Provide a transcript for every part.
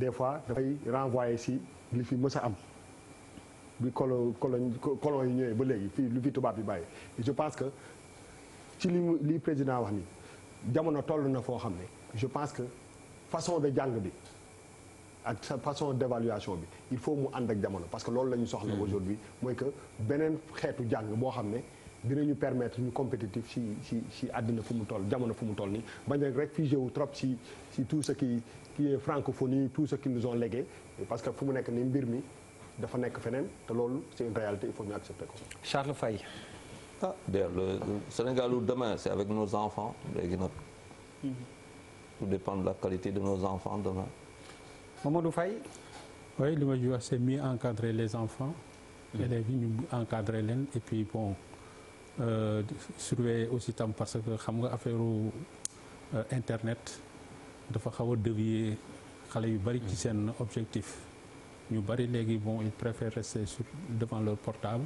des fois dafay renvoyer si li fi mës a am bi kolo colon colon yi ñëwee ba léegi fii lu fi tubaab bi bàyyi je pense que ci li mu li président wax ni jamono toll na foo xam ne je pense que façon de jàng bi ak sa façon d'évaluation bi il faut mu ànd ak jamono parce que loolu la ñu soxla hmm. aujourd'hui mooy que beneen xeetu jàng boo xam ne dinañu permettre ñu compétitif ci ci ci àddina fu mu toll jamono fu mu toll nii bañ rek rek figé wu trop ci ci tout ce qui qui est francophonie tout ce qu'ils nous ont légué parce que fu mu nekk ni mbir mi dafa nekk feneen te loolu c'est une réalité il faut ñu accepter ko. Charles Faye. ah bien le Sénégal ou demain c'est avec nos enfants léegi nag. Mhm. tout dépend la qualité de nos enfants demain. Mamadou Faye. oui li ma ji wax c'est mieux encadrer les enfants. Mm. élèves yi ñu encadrer leen et puis bon. Euh, surveiller aussi tam parce que xam nga affaire euh, internet dafa xaw a dévier xale yu bari ci hmm. seen objectif ñu bari léegi bon ils préfèrent rester sur devant leur portable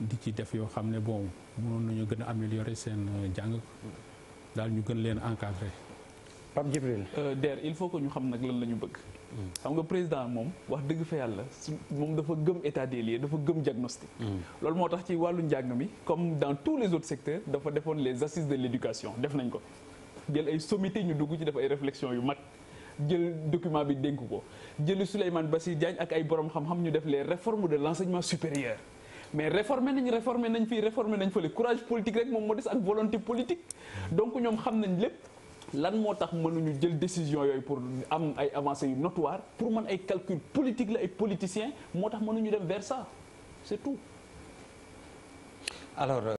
di ci def yoo xam ne bon mënoon nañu gën a améliorer seen euh, jàng daal ñu gën leen encadrer Pape Djibril euh, Der il faut que ñu xam nag lan la ñu bëgg. xam nga président moom wax dëgg fa yàlla moom dafa gëm état des dafa gëm diagnostic. Hmm. loolu moo tax ci wàllu njàng mi comme dans tous les autres secteurs dafa defoon les assises de l'éducation def nañ ko. jël ay sommité ñu dugg ci def ay réflexion yu mag jël document bi dénk ko jëli Souleymane Bassir jaañ ak ay borom xam-xam ñu def les réformes de l'enseignement supérieur. mais réformer nañ réformer nañ fii réformer nañ fële courage politique rek moom moo des ak volonté politique donc ñoom xam nañ lépp. lan moo tax mënuñu jël décision yooyu pour am ay avancées yu notoire pour man ay calcul politique la ay politiciens moo tax mën nañu dem vers ça c'est tout alors. Euh,